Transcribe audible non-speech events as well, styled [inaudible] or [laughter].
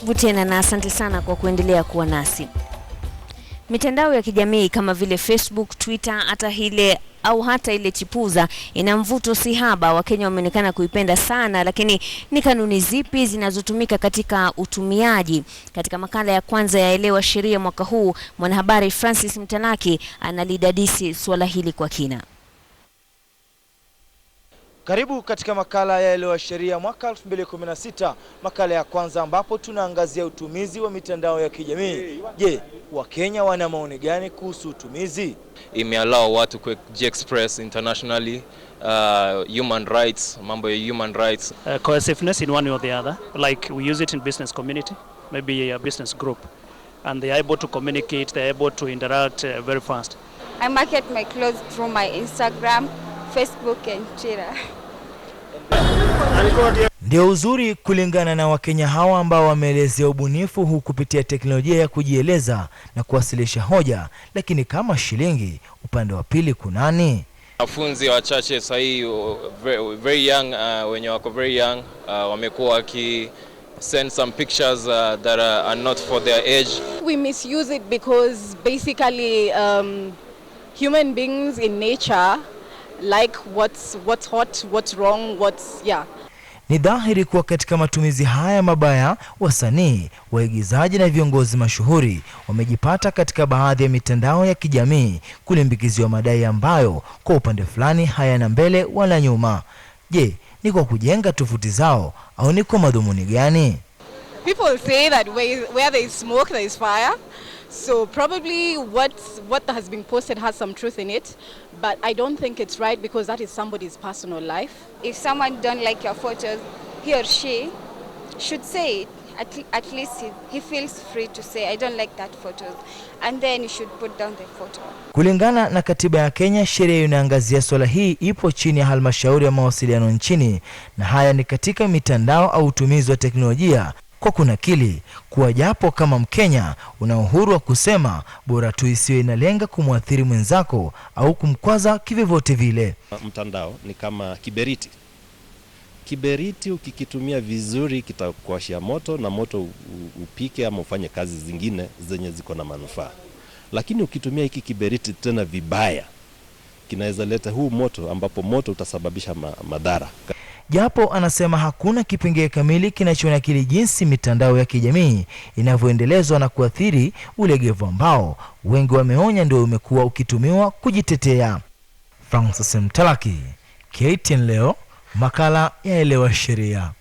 Karibu tena na asante sana kwa kuendelea kuwa nasi. Mitandao ya kijamii kama vile Facebook, Twitter, hata ile au hata ile chipuza ina mvuto sihaba. Wakenya wameonekana kuipenda sana, lakini ni kanuni zipi zinazotumika katika utumiaji? Katika makala ya kwanza ya Elewa Sheria mwaka huu, mwanahabari Francis Mtalaki analidadisi suala hili kwa kina. Karibu katika makala ya Elewa Sheria mwaka 2016, makala ya kwanza ambapo tunaangazia utumizi wa mitandao ya kijamii. Je, Wakenya wana maoni gani kuhusu utumizi? Imeallow watu ku express internationally uh, human rights, mambo ya human rights. Uh, cohesiveness in one or the other, like we use it in business community, maybe a business group and they are able to communicate, they are able to interact uh, very fast. I market my clothes through my Instagram, Facebook and Twitter. [laughs] Ndio uzuri kulingana na Wakenya hawa ambao wameelezea ubunifu huu kupitia teknolojia ya kujieleza na kuwasilisha hoja. Lakini kama shilingi, upande wa pili kunani? Wanafunzi wachache sasa hivi uh, very, very young uh, wenye wako very young uh, wamekuwa waki send some pictures uh, that are, are not for their age. We misuse it because basically um, human beings in nature like what's, what's hot, what's wrong, what's, yeah. Ni dhahiri kuwa katika matumizi haya mabaya, wasanii, waigizaji na viongozi mashuhuri wamejipata katika baadhi ya mitandao ya kijamii kulimbikiziwa madai ambayo kwa upande fulani hayana mbele wala nyuma. Je, ni kwa kujenga tovuti zao au ni kwa madhumuni gani? People say that where, where there is smoke, there is fire. So probably what what has been posted has some truth in it, but I don't think it's right because that is somebody's personal life. If someone don't like your photos, he or she should say it. At, at least he, he feels free to say I don't like that photo and then you should put down the photo. Kulingana na katiba ya Kenya, sheria inaangazia swala hii ipo chini ya halmashauri ya mawasiliano nchini, na haya ni katika mitandao au utumizi wa teknolojia kwa kunakili kuwa japo kama Mkenya una uhuru wa kusema, bora tu isiyo inalenga kumwathiri mwenzako au kumkwaza kivyovyote vile. Mtandao ni kama kiberiti. Kiberiti ukikitumia vizuri kitakuashia moto na moto upike ama ufanye kazi zingine zenye ziko na manufaa, lakini ukitumia hiki kiberiti tena vibaya kinaweza leta huu moto ambapo moto utasababisha ma madhara japo anasema hakuna kipengee kamili kinachonakili jinsi mitandao ya kijamii inavyoendelezwa na kuathiri ulegevu ambao wengi wameonya ndio umekuwa ukitumiwa kujitetea. Francis Mtalaki, KTN Leo, makala ya Elewa Sheria.